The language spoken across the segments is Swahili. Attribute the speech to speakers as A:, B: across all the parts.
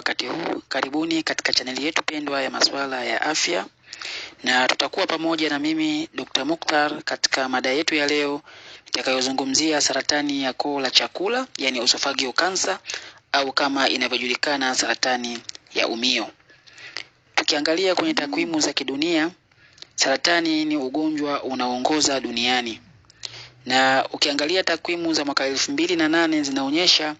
A: wakati huu. Karibuni katika chaneli yetu pendwa ya masuala ya afya, na tutakuwa pamoja na mimi Dr. Mukhtar katika mada yetu ya leo itakayozungumzia saratani ya koo la chakula, yani esophageal cancer au kama inavyojulikana saratani ya umio. Tukiangalia kwenye takwimu za kidunia, saratani ni ugonjwa unaoongoza duniani na ukiangalia takwimu za mwaka elfu mbili na nane zinaonyesha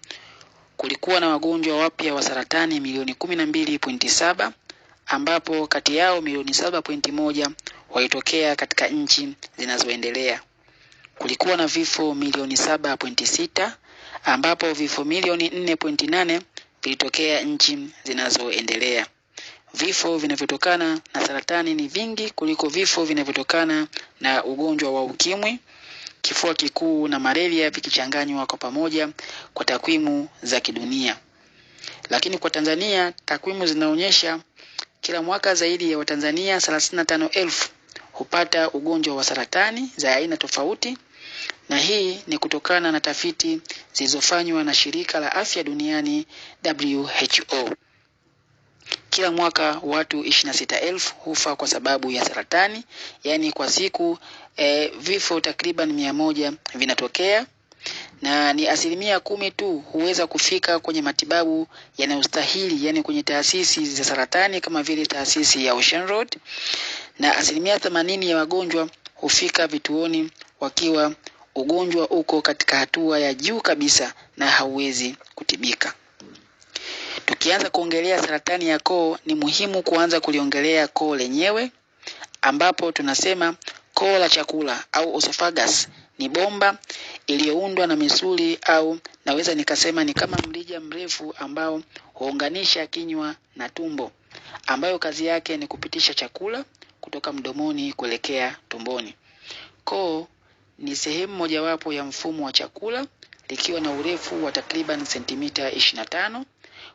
A: kulikuwa na wagonjwa wapya wa saratani milioni 12.7 ambapo kati yao milioni 7.1 walitokea katika nchi zinazoendelea. Kulikuwa na vifo milioni 7.6 ambapo vifo milioni 4.8 vilitokea nchi zinazoendelea. Vifo vinavyotokana na saratani ni vingi kuliko vifo vinavyotokana na ugonjwa wa ukimwi kifua kikuu na malaria vikichanganywa kwa pamoja kwa takwimu za kidunia. Lakini kwa Tanzania takwimu zinaonyesha kila mwaka zaidi ya Watanzania 35,000 hupata ugonjwa wa saratani za aina tofauti, na hii ni kutokana na tafiti zilizofanywa na Shirika la Afya Duniani WHO. Kila mwaka watu elfu hufa kwa sababu ya saratani, yaani kwa siku e, vifo takriban mia moja vinatokea na ni asilimia kumi tu huweza kufika kwenye matibabu yanayostahili, yani kwenye taasisi za saratani kama vile taasisi ya Ocean Road, na asilimia themanini ya wagonjwa hufika vituoni wakiwa ugonjwa uko katika hatua ya juu kabisa na hauwezi kutibika. Tukianza kuongelea saratani ya koo, ni muhimu kuanza kuliongelea koo lenyewe, ambapo tunasema koo la chakula au esophagus ni bomba iliyoundwa na misuli au naweza nikasema ni kama mrija mrefu ambao huunganisha kinywa na tumbo, ambayo kazi yake ni kupitisha chakula kutoka mdomoni kuelekea tumboni. Koo ni sehemu mojawapo ya mfumo wa chakula likiwa na urefu wa takriban sentimita 25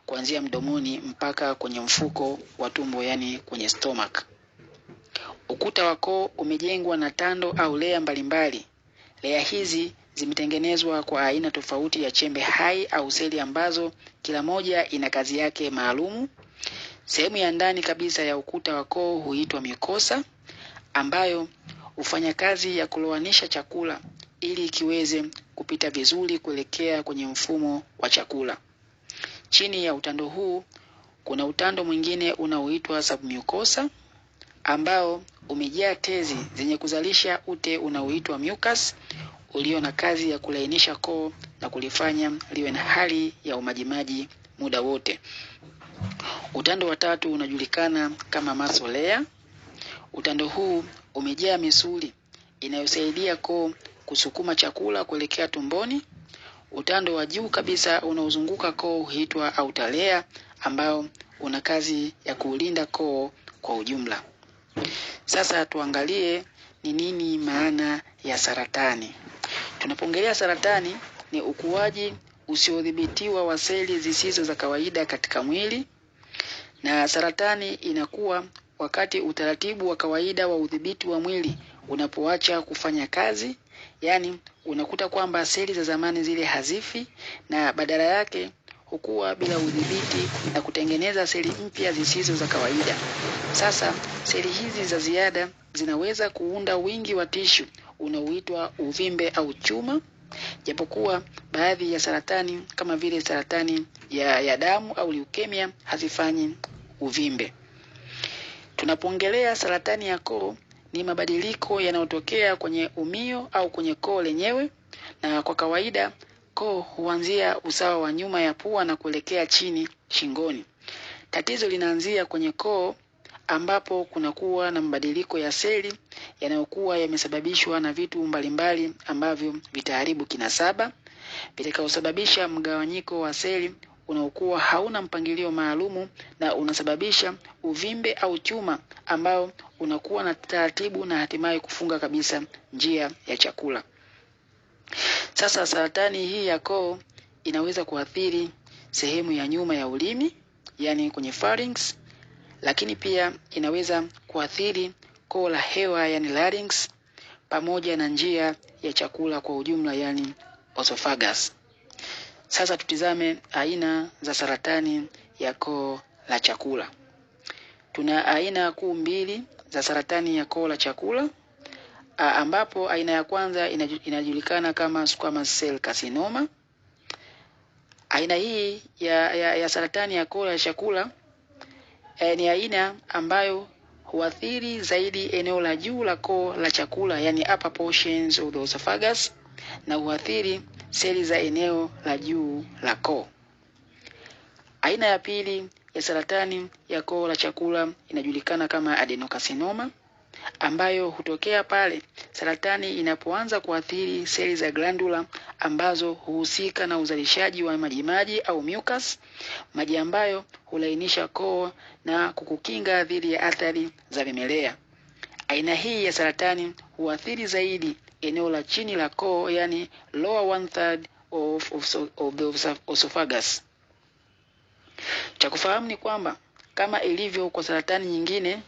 A: kuanzia mdomoni mpaka kwenye mfuko wa tumbo, yani kwenye stomach. Ukuta wa koo umejengwa na tando au lea mbalimbali. Lea hizi zimetengenezwa kwa aina tofauti ya chembe hai au seli ambazo kila moja ina kazi yake maalumu. Sehemu ya ndani kabisa ya ukuta wa koo huitwa mikosa ambayo hufanya kazi ya kulowanisha chakula ili kiweze kupita vizuri kuelekea kwenye mfumo wa chakula. Chini ya utando huu kuna utando mwingine unaoitwa submucosa ambao umejaa tezi zenye kuzalisha ute unaoitwa mucus ulio na kazi ya kulainisha koo na kulifanya liwe na hali ya umajimaji muda wote. Utando wa tatu unajulikana kama masolea. Utando huu umejaa misuli inayosaidia koo kusukuma chakula kuelekea tumboni Utando wa juu kabisa unaozunguka koo huitwa autalea ambao una kazi ya kuulinda koo kwa ujumla. Sasa tuangalie ni nini maana ya saratani. Tunapoongelea saratani ni ukuaji usiodhibitiwa wa seli zisizo za kawaida katika mwili, na saratani inakuwa wakati utaratibu wa kawaida wa udhibiti wa mwili unapoacha kufanya kazi Yaani unakuta kwamba seli za zamani zile hazifi na badala yake hukua bila udhibiti na kutengeneza seli mpya zisizo za kawaida. Sasa seli hizi za ziada zinaweza kuunda wingi wa tishu unaoitwa uvimbe au chuma, japokuwa baadhi ya saratani kama vile saratani ya, ya damu au leukemia hazifanyi uvimbe. Tunapoongelea saratani ya koo, ni mabadiliko yanayotokea kwenye umio au kwenye koo lenyewe, na kwa kawaida koo huanzia usawa wa nyuma ya pua na kuelekea chini shingoni. Tatizo linaanzia kwenye koo ambapo kunakuwa na mabadiliko ya seli yanayokuwa yamesababishwa na vitu mbalimbali ambavyo vitaharibu kinasaba, vitakaosababisha mgawanyiko wa seli unaokuwa hauna mpangilio maalumu na unasababisha uvimbe au chuma ambao unakuwa na taratibu na hatimaye kufunga kabisa njia ya chakula. Sasa saratani hii ya koo inaweza kuathiri sehemu ya nyuma ya ulimi, yani kwenye pharynx, lakini pia inaweza kuathiri koo la hewa, yani larynx, pamoja na njia ya chakula kwa ujumla, yani esophagus. Sasa tutizame aina za saratani ya koo la chakula. Tuna aina kuu mbili za saratani ya koo la chakula a, ambapo aina ya kwanza inajulikana kama squamous cell carcinoma. Aina hii ya, ya, ya saratani ya koo la chakula e, ni aina ambayo huathiri zaidi eneo la juu la koo la chakula, yani upper portions of the esophagus na huathiri seli za eneo la juu la koo. Aina ya pili ya saratani ya koo la chakula inajulikana kama adenocarcinoma ambayo hutokea pale saratani inapoanza kuathiri seli za glandula ambazo huhusika na uzalishaji wa majimaji au mucus, maji ambayo hulainisha koo na kukukinga dhidi ya athari za vimelea. Aina hii ya saratani huathiri zaidi eneo la chini la koo, yani lower one third of, of, of the esophagus. Cha kufahamu ni kwamba kama ilivyo kwa saratani nyingine,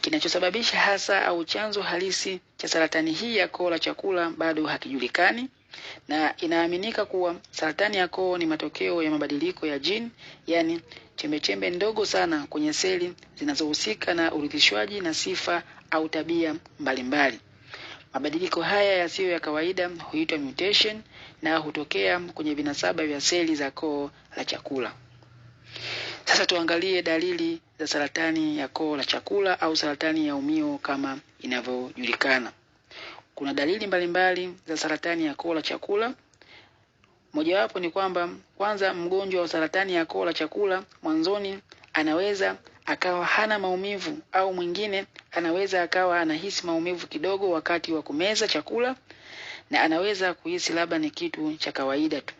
A: kinachosababisha hasa au chanzo halisi cha saratani hii ya koo la chakula bado hakijulikani, na inaaminika kuwa saratani ya koo ni matokeo ya mabadiliko ya jini, yani chembechembe ndogo sana kwenye seli zinazohusika na urithishwaji na sifa au tabia mbalimbali mbali. Mabadiliko haya yasiyo ya kawaida huitwa mutation na hutokea kwenye vinasaba vya seli za koo la chakula. Sasa tuangalie dalili za saratani ya koo la chakula au saratani ya umio kama inavyojulikana. Kuna dalili mbalimbali mbali za saratani ya koo la chakula. Mojawapo ni kwamba kwanza, mgonjwa wa saratani ya koo la chakula mwanzoni anaweza akawa hana maumivu, au mwingine anaweza akawa anahisi maumivu kidogo wakati wa kumeza chakula, na anaweza kuhisi labda ni kitu cha kawaida tu,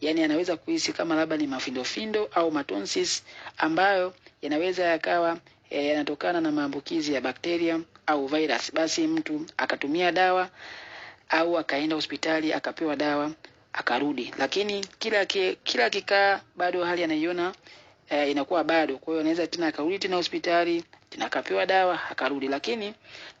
A: yaani anaweza kuhisi kama labda ni mafindofindo au matonsis ambayo yanaweza yakawa eh, yanatokana na maambukizi ya bakteria au virus. Basi mtu akatumia dawa au akaenda hospitali akapewa dawa akarudi, lakini kila, kila akikaa bado hali anaiona eh, inakuwa bado. Kwa hiyo anaweza tena akarudi tena hospitali tena akapewa dawa akarudi, lakini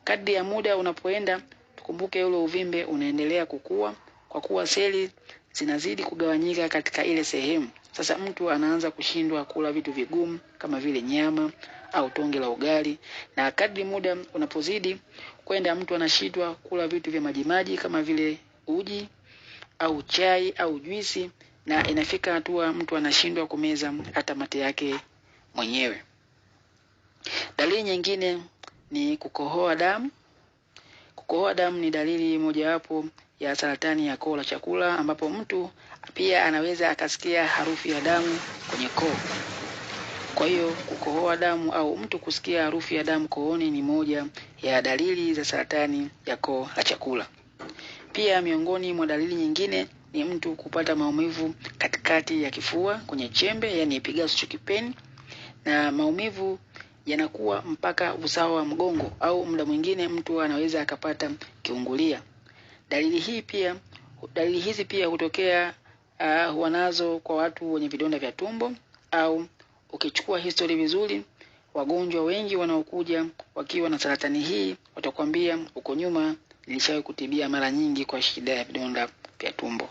A: kadri ya muda unapoenda, tukumbuke ule uvimbe unaendelea kukua kwa kuwa seli zinazidi kugawanyika katika ile sehemu. Sasa mtu anaanza kushindwa kula vitu vigumu kama vile nyama au tonge la ugali, na kadri muda unapozidi kwenda, mtu anashindwa kula vitu vya majimaji kama vile uji au chai au juisi na inafika hatua mtu anashindwa kumeza hata mate yake mwenyewe. Dalili nyingine ni kukohoa damu. Kukohoa damu ni dalili mojawapo ya saratani ya koo la chakula, ambapo mtu pia anaweza akasikia harufu ya damu kwenye koo. Kwa hiyo kukohoa damu au mtu kusikia harufu ya damu kooni ni moja ya dalili za saratani ya koo la chakula. Pia miongoni mwa dalili nyingine ni mtu kupata maumivu katikati ya kifua kwenye chembe, yani epigastric chokipeni na maumivu yanakuwa mpaka usawa wa mgongo, au muda mwingine mtu anaweza akapata kiungulia. Dalili hii pia dalili hizi pia hutokea uh, huwa nazo kwa watu wenye vidonda vya tumbo au ukichukua history vizuri, wagonjwa wengi wanaokuja wakiwa na saratani hii watakwambia, uko nyuma nilishawahi kutibia mara nyingi kwa shida ya vidonda vya tumbo.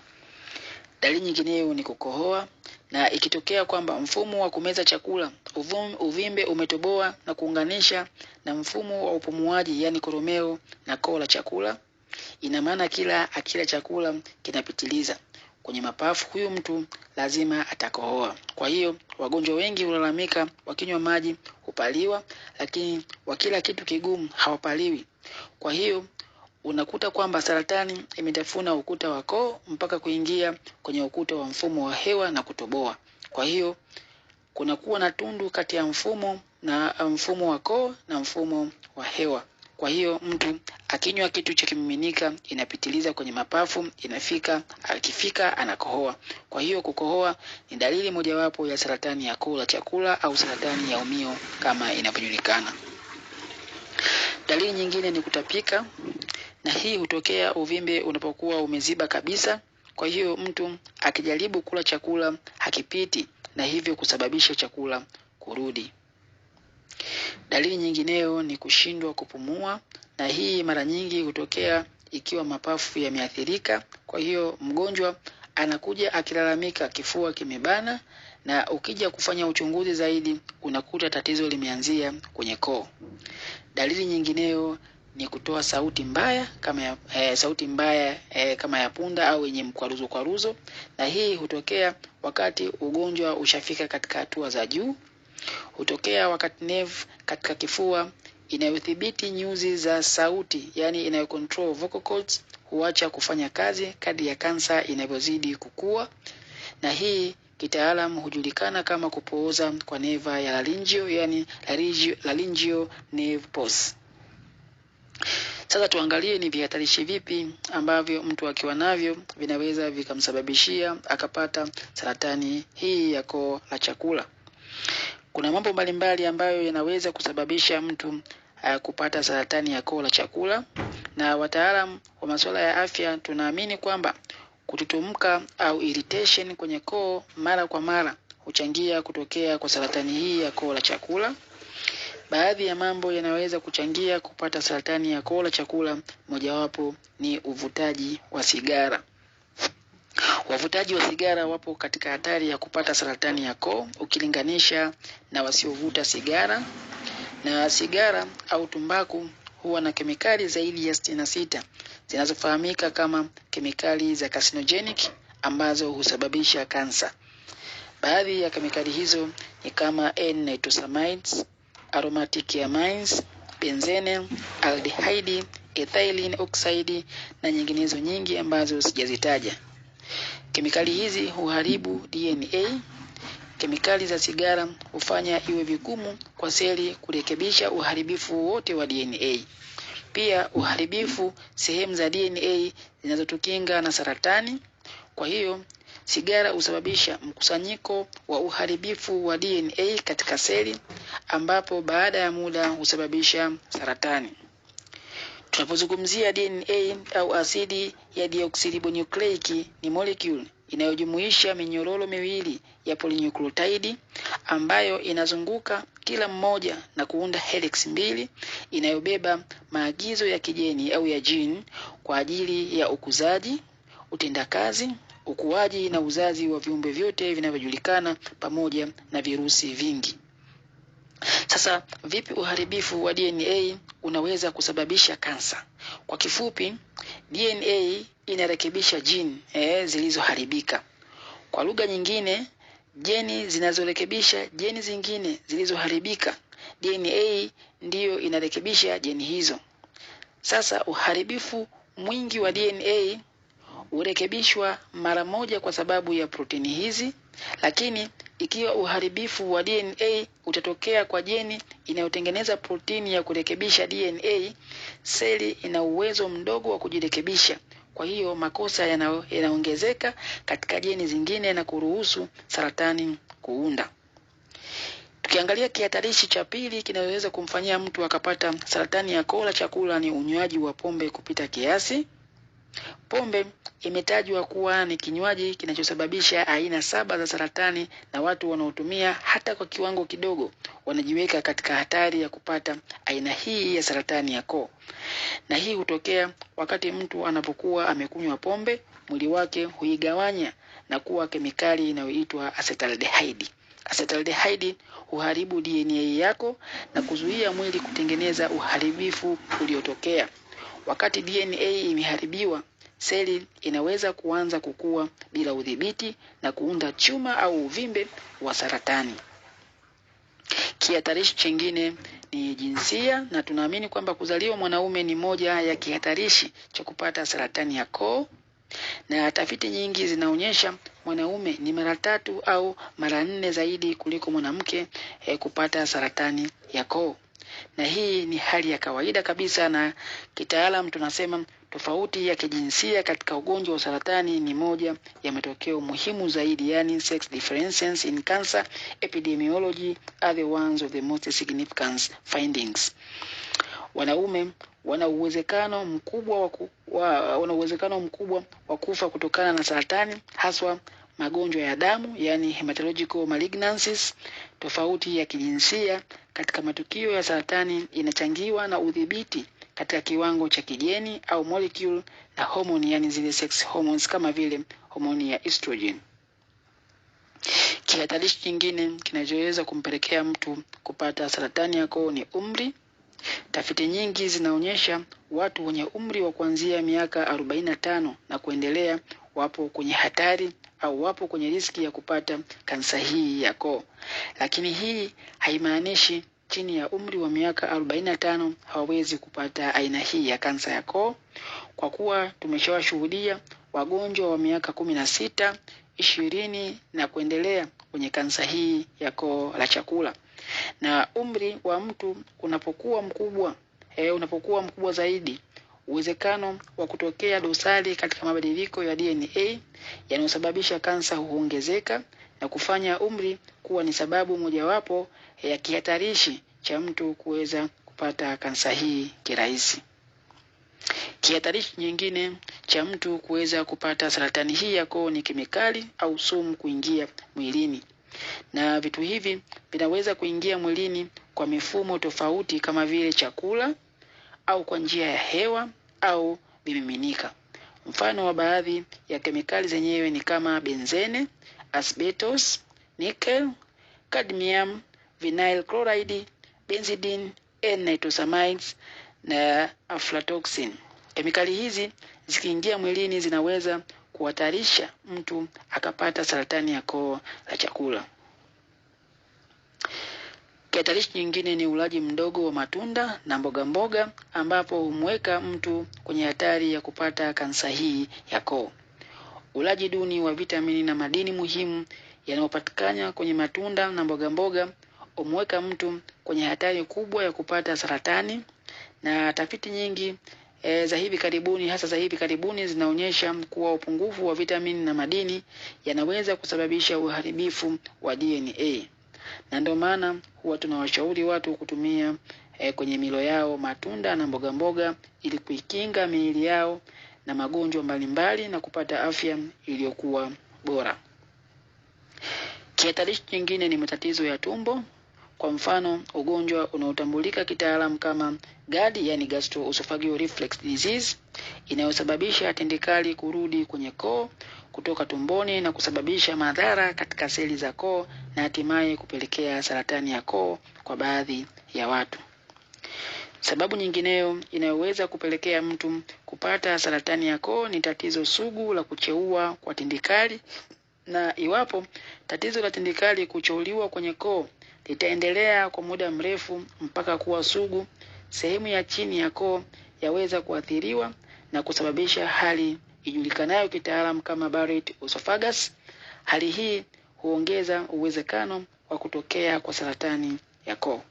A: Dalili nyingineyo ni kukohoa na ikitokea kwamba mfumo wa kumeza chakula uvum, uvimbe umetoboa na kuunganisha na mfumo wa upumuaji yani koromeo na koo la chakula, ina maana kila akila chakula kinapitiliza kwenye mapafu, huyu mtu lazima atakohoa. Kwa hiyo wagonjwa wengi hulalamika wakinywa maji hupaliwa, lakini wakila kitu kigumu hawapaliwi. Kwa hiyo unakuta kwamba saratani imetafuna ukuta wa koo mpaka kuingia kwenye ukuta wa mfumo wa hewa na kutoboa. Kwa hiyo kunakuwa na tundu kati ya mfumo na mfumo wa koo na mfumo wa hewa. Kwa hiyo mtu akinywa kitu cha kimiminika inapitiliza kwenye mapafu, inafika akifika anakohoa. Kwa hiyo kukohoa ni dalili mojawapo ya saratani ya koo la chakula au saratani ya umio kama inavyojulikana. Dalili nyingine ni kutapika na hii hutokea uvimbe unapokuwa umeziba kabisa. Kwa hiyo mtu akijaribu kula chakula hakipiti, na hivyo kusababisha chakula kurudi. Dalili nyingineyo ni kushindwa kupumua, na hii mara nyingi hutokea ikiwa mapafu yameathirika. Kwa hiyo mgonjwa anakuja akilalamika kifua kimebana, na ukija kufanya uchunguzi zaidi unakuta tatizo limeanzia kwenye koo. Dalili nyingineyo ni kutoa sauti mbaya kama ya, e, sauti mbaya e, kama ya punda au yenye mkwaruzo kwaruzo, na hii hutokea wakati ugonjwa ushafika katika hatua za juu. Hutokea wakati nerve katika kifua inayodhibiti nyuzi za sauti, yani inayocontrol vocal cords, huacha kufanya kazi kadri ya kansa inavyozidi kukua, na hii kitaalam hujulikana kama kupooza kwa neva ya laringio, yani laringio, nerve pause. Sasa tuangalie ni vihatarishi vipi ambavyo mtu akiwa navyo vinaweza vikamsababishia akapata saratani hii ya koo la chakula. Kuna mambo mbalimbali ambayo yanaweza kusababisha mtu eh, kupata saratani ya koo la chakula, na wataalamu wa masuala ya afya tunaamini kwamba kututumka au irritation kwenye koo mara kwa mara huchangia kutokea kwa saratani hii ya koo la chakula. Baadhi ya mambo yanayoweza kuchangia kupata saratani ya koo la chakula, mojawapo ni uvutaji wa sigara. Wavutaji wa sigara wapo katika hatari ya kupata saratani ya koo ukilinganisha na wasiovuta sigara. Na sigara au tumbaku huwa na kemikali zaidi ya sitini na sita zinazofahamika kama kemikali za carcinogenic ambazo husababisha kansa. Baadhi ya kemikali hizo ni kama N-nitrosamines, aromatic amines, benzene, aldehyde, ethylene oxide na nyinginezo nyingi ambazo sijazitaja. Kemikali hizi huharibu DNA. Kemikali za sigara hufanya iwe vigumu kwa seli kurekebisha uharibifu wote wa DNA. Pia uharibifu sehemu za DNA zinazotukinga na saratani. Kwa hiyo Sigara husababisha mkusanyiko wa uharibifu wa DNA katika seli ambapo baada ya muda husababisha saratani. Tunapozungumzia DNA au asidi ya deoxyribonucleic, ni molecule inayojumuisha minyororo miwili ya polynucleotide ambayo inazunguka kila mmoja na kuunda helix mbili inayobeba maagizo ya kijeni au ya jini kwa ajili ya ukuzaji, utendakazi ukuaji na uzazi wa viumbe vyote vinavyojulikana pamoja na virusi vingi. Sasa vipi uharibifu wa DNA unaweza kusababisha kansa? Kwa kifupi, DNA inarekebisha jini eh, zilizoharibika. Kwa lugha nyingine, jeni zinazorekebisha jeni zingine zilizoharibika. DNA ndiyo inarekebisha jeni hizo. Sasa uharibifu mwingi wa DNA hurekebishwa mara moja kwa sababu ya protini hizi, lakini ikiwa uharibifu wa DNA utatokea kwa jeni inayotengeneza protini ya kurekebisha DNA, seli ina uwezo mdogo wa kujirekebisha. Kwa hiyo makosa yanaongezeka katika jeni zingine na kuruhusu saratani kuunda. Tukiangalia kihatarishi cha pili kinachoweza kumfanyia mtu akapata saratani ya koo la chakula ni unywaji wa pombe kupita kiasi. Pombe Imetajwa kuwa ni kinywaji kinachosababisha aina saba za saratani na watu wanaotumia hata kwa kiwango kidogo wanajiweka katika hatari ya kupata aina hii ya saratani ya koo. Na hii hutokea wakati mtu anapokuwa amekunywa pombe, mwili wake huigawanya na kuwa kemikali inayoitwa acetaldehyde. Acetaldehyde huharibu DNA yako na kuzuia mwili kutengeneza uharibifu uliotokea. Wakati DNA imeharibiwa seli inaweza kuanza kukua bila udhibiti na kuunda chuma au uvimbe wa saratani. Kihatarishi chingine ni jinsia, na tunaamini kwamba kuzaliwa mwanaume ni moja ya kihatarishi cha kupata saratani ya koo, na tafiti nyingi zinaonyesha mwanaume ni mara tatu au mara nne zaidi kuliko mwanamke eh, kupata saratani ya koo, na hii ni hali ya kawaida kabisa, na kitaalam tunasema Tofauti ya kijinsia katika ugonjwa wa saratani ni moja ya matokeo muhimu zaidi, yani sex differences in cancer epidemiology are the ones of the most significant findings. Wanaume wana uwezekano mkubwa wa, wana uwezekano mkubwa wa kufa kutokana na saratani haswa magonjwa ya damu yani hematological malignancies. Tofauti ya kijinsia katika matukio ya saratani inachangiwa na udhibiti katika kiwango cha kijeni au molecule na homoni, yani zile sex hormones kama vile homoni ya estrogen. Kihatarishi kingine kinachoweza kumpelekea mtu kupata saratani ya koo ni umri. Tafiti nyingi zinaonyesha watu wenye umri wa kuanzia miaka 45 na tano na kuendelea wapo kwenye hatari au wapo kwenye riski ya kupata kansa hii ya koo, lakini hii haimaanishi chini ya umri wa miaka 45 hawawezi kupata aina hii ya kansa ya koo, kwa kuwa tumeshawashuhudia wagonjwa wa miaka 16, ishirini na kuendelea kwenye kansa hii ya koo la chakula. Na umri wa mtu unapokuwa mkubwa e, unapokuwa mkubwa zaidi uwezekano wa kutokea dosari katika mabadiliko ya DNA yanayosababisha kansa huongezeka na kufanya umri kuwa ni sababu mojawapo ya kihatarishi cha mtu kuweza kupata kansa hii kirahisi. Kihatarishi nyingine cha mtu kuweza kupata saratani hii ya koo ni kemikali au sumu kuingia mwilini, na vitu hivi vinaweza kuingia mwilini kwa mifumo tofauti kama vile chakula au kwa njia ya hewa au vimiminika. Mfano wa baadhi ya kemikali zenyewe ni kama benzene asbestos, nickel, cadmium, vinyl chloride, benzidine, N-nitrosamines na aflatoxin. Kemikali hizi zikiingia mwilini zinaweza kuhatarisha mtu akapata saratani ya koo la chakula. Kihatarishi nyingine ni ulaji mdogo wa matunda na mboga mboga ambapo humweka mtu kwenye hatari ya kupata kansa hii ya koo ulaji duni wa vitamini na madini muhimu yanayopatikana kwenye matunda na mboga mboga umeweka mtu kwenye hatari kubwa ya kupata saratani, na tafiti nyingi e, za hivi karibuni hasa za hivi karibuni zinaonyesha kuwa upungufu wa vitamini na madini yanaweza kusababisha uharibifu wa DNA, na ndio maana huwa tunawashauri watu kutumia e, kwenye milo yao matunda na mboga mboga ili kuikinga miili yao na magonjwa mbalimbali na kupata afya iliyokuwa bora. Kihatarishi kingine ni matatizo ya tumbo, kwa mfano ugonjwa unaotambulika kitaalamu kama GERD, yani gastroesophageal reflux disease, inayosababisha tindikali kurudi kwenye koo kutoka tumboni na kusababisha madhara katika seli za koo na hatimaye kupelekea saratani ya koo kwa baadhi ya watu. Sababu nyingineyo inayoweza kupelekea mtu kupata saratani ya koo ni tatizo sugu la kucheua kwa tindikali, na iwapo tatizo la tindikali kucheuliwa kwenye koo litaendelea kwa muda mrefu mpaka kuwa sugu, sehemu ya chini ya koo yaweza kuathiriwa na kusababisha hali ijulikanayo kitaalamu kama Barrett esophagus. Hali hii huongeza uwezekano wa kutokea kwa saratani ya koo.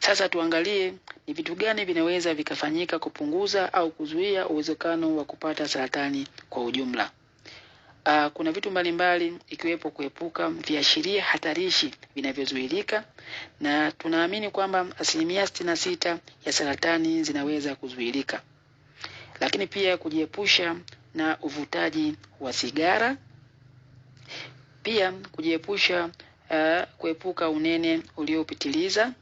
A: Sasa tuangalie ni vitu gani vinaweza vikafanyika kupunguza au kuzuia uwezekano wa kupata saratani kwa ujumla. Aa, ah, kuna vitu mbalimbali ikiwepo kuepuka viashiria hatarishi vinavyozuilika, na tunaamini kwamba asilimia sitini na sita ya saratani zinaweza kuzuilika, lakini pia kujiepusha na uvutaji wa sigara, pia kujiepusha uh, kuepuka unene uliopitiliza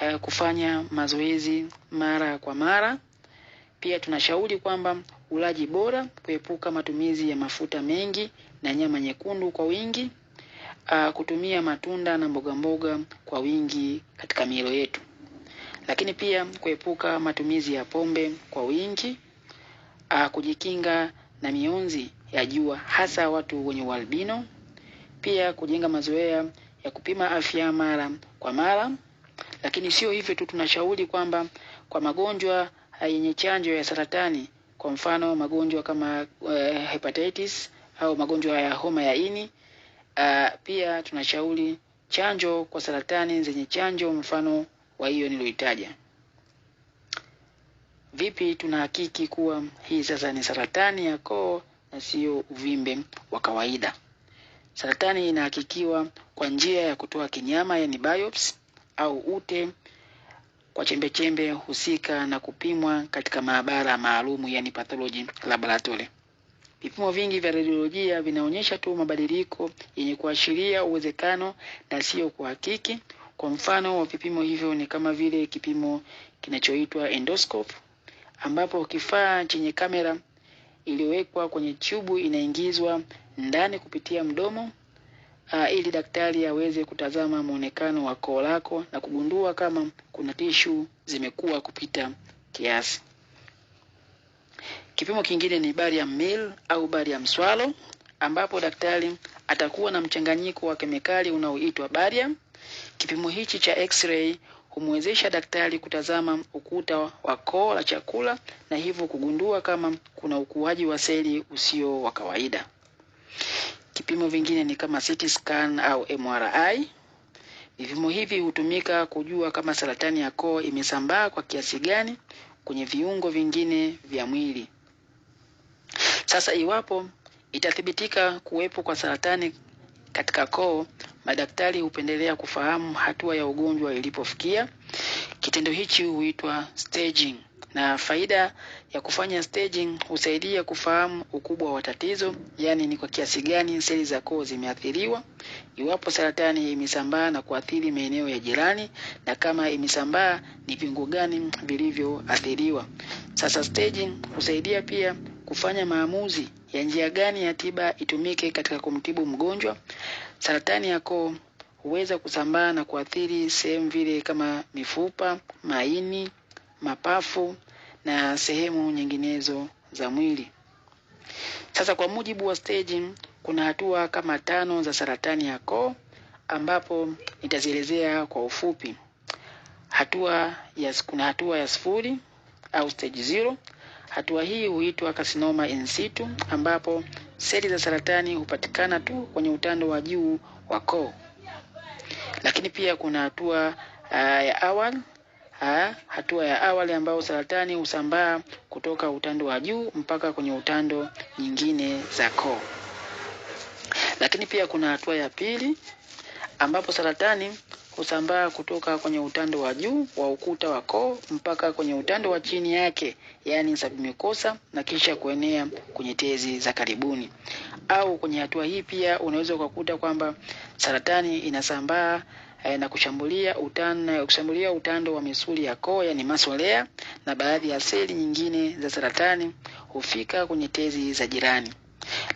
A: uh, kufanya mazoezi mara kwa mara. Pia tunashauri kwamba ulaji bora, kuepuka matumizi ya mafuta mengi na nyama nyekundu kwa wingi, uh, kutumia matunda na mboga mboga kwa wingi katika milo yetu, lakini pia kuepuka matumizi ya pombe kwa wingi, uh, kujikinga na mionzi ya jua hasa watu wenye ualbino, pia kujenga mazoea ya kupima afya mara kwa mara. Lakini sio hivyo tu, tunashauri kwamba kwa magonjwa yenye chanjo ya saratani, kwa mfano magonjwa kama uh, hepatitis au magonjwa ya homa ya ini uh, pia tunashauri chanjo kwa saratani zenye chanjo mfano wa hiyo niliyoitaja. Vipi tunahakiki kuwa hii sasa ni saratani ya koo na sio uvimbe wa kawaida? Saratani inahakikiwa kwa njia ya kutoa kinyama, yani biopsy au ute kwa chembechembe chembe husika na kupimwa katika maabara maalumu, yani pathology laboratory. Vipimo vingi vya radiolojia vinaonyesha tu mabadiliko yenye kuashiria uwezekano na siyo kuhakiki. Kwa mfano wa vipimo hivyo ni kama vile kipimo kinachoitwa endoscope, ambapo kifaa chenye kamera iliyowekwa kwenye tube inaingizwa ndani kupitia mdomo uh, ili daktari aweze kutazama muonekano wa koo lako na kugundua kama kuna tishu zimekuwa kupita kiasi. Kipimo kingine ni barium meal au barium swallow, ambapo daktari atakuwa na mchanganyiko wa kemikali unaoitwa barium. Kipimo hichi cha x-ray humwezesha daktari kutazama ukuta wa koo la chakula na hivyo kugundua kama kuna ukuaji wa seli usio wa kawaida. Kipimo vingine ni kama CT scan au MRI. Vipimo hivi hutumika kujua kama saratani ya koo imesambaa kwa kiasi gani kwenye viungo vingine vya mwili. Sasa iwapo itathibitika kuwepo kwa saratani katika koo, madaktari hupendelea kufahamu hatua ya ugonjwa ilipofikia. Kitendo hichi huitwa staging na faida ya kufanya staging husaidia kufahamu ukubwa wa tatizo, yaani ni kwa kiasi gani seli za koo zimeathiriwa, iwapo saratani imesambaa na kuathiri maeneo ya jirani, na kama imesambaa ni viungo gani vilivyoathiriwa. Sasa staging husaidia pia kufanya maamuzi ya njia gani ya tiba itumike katika kumtibu mgonjwa. Saratani ya koo huweza kusambaa na kuathiri sehemu vile kama mifupa, maini, mapafu na sehemu nyinginezo za mwili. Sasa kwa mujibu wa stage, kuna hatua kama tano za saratani ya koo ambapo nitazielezea kwa ufupi. Hatua ya, kuna hatua ya sifuri au stage zero. Hatua hii huitwa carcinoma in situ ambapo seli za saratani hupatikana tu kwenye utando wa juu wa koo. Lakini pia kuna hatua uh, ya awali ha, hatua ya awali ambayo saratani husambaa kutoka utando wa juu mpaka kwenye utando nyingine za koo. Lakini pia kuna hatua ya pili ambapo saratani husambaa kutoka kwenye utando wa juu wa ukuta wa koo mpaka kwenye utando wa chini yake, yaani submucosa, na kisha kuenea kwenye tezi za karibuni. Au kwenye hatua hii pia unaweza ukakuta kwamba saratani inasambaa e, na kushambulia utana, kushambulia utando wa misuli ya koo yani masolea, na baadhi ya seli nyingine za saratani hufika kwenye tezi za jirani.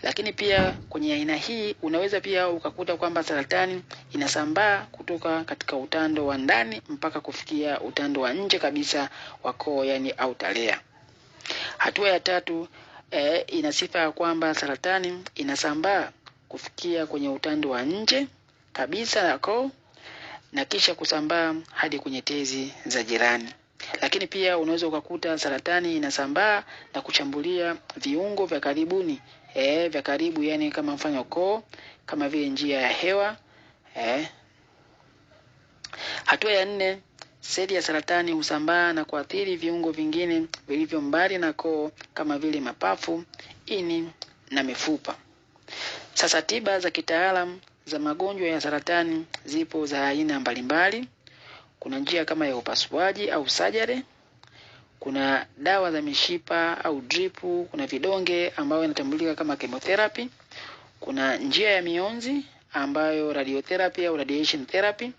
A: Lakini pia kwenye aina hii unaweza pia ukakuta kwamba saratani inasambaa kutoka katika utando wa ndani mpaka kufikia utando wa nje kabisa wa koo yani outer layer. Hatua ya tatu e, ina sifa ya kwamba saratani inasambaa kufikia kwenye utando wa nje kabisa na koo na kisha kusambaa hadi kwenye tezi za jirani. Lakini pia unaweza ukakuta saratani inasambaa na kuchambulia viungo vya karibuni e, vya karibu, yani kama mfano koo, kama vile njia ya hewa e. Hatua ya nne, seli ya saratani husambaa na kuathiri viungo vingine vilivyo mbali na koo kama vile mapafu, ini na mifupa. Sasa tiba za kitaalamu za magonjwa ya saratani zipo za aina mbalimbali. Kuna njia kama ya upasuaji au sajare, kuna dawa za mishipa au drip, kuna vidonge ambayo inatambulika kama chemotherapy, kuna njia ya mionzi ambayo radiotherapy au radiation therapy,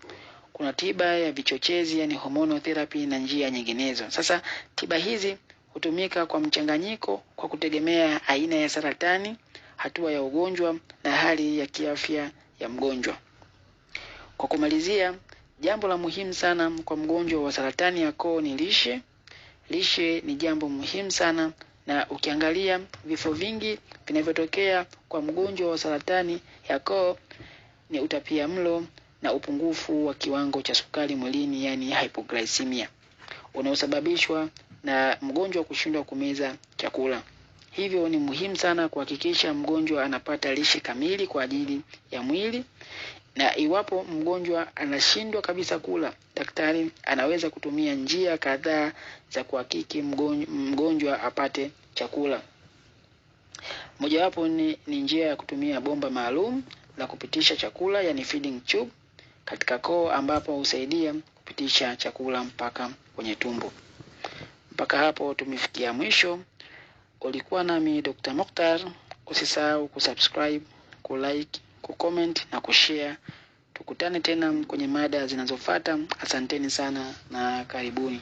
A: kuna tiba ya vichochezi yani hormonal therapy na njia nyinginezo. Sasa tiba hizi hutumika kwa mchanganyiko kwa kutegemea aina ya saratani, hatua ya ugonjwa na hali ya kiafya ya mgonjwa. Kwa kumalizia, jambo la muhimu sana kwa mgonjwa wa saratani ya koo ni lishe. Lishe ni jambo muhimu sana, na ukiangalia vifo vingi vinavyotokea kwa mgonjwa wa saratani ya koo ni utapia mlo na upungufu wa kiwango cha sukari mwilini, yani hypoglycemia, unaosababishwa na mgonjwa kushindwa kumeza chakula. Hivyo ni muhimu sana kuhakikisha mgonjwa anapata lishe kamili kwa ajili ya mwili, na iwapo mgonjwa anashindwa kabisa kula, daktari anaweza kutumia njia kadhaa za kuhakiki mgonjwa apate chakula. Mojawapo ni, ni njia ya kutumia bomba maalum la kupitisha chakula yani feeding tube katika koo ambapo husaidia kupitisha chakula mpaka kwenye tumbo. Mpaka hapo tumefikia mwisho Ulikuwa nami Dr. Mokhtar. Usisahau kusubscribe, kulike, kucomment na kushare. Tukutane tena kwenye mada zinazofuata. Asanteni sana na karibuni.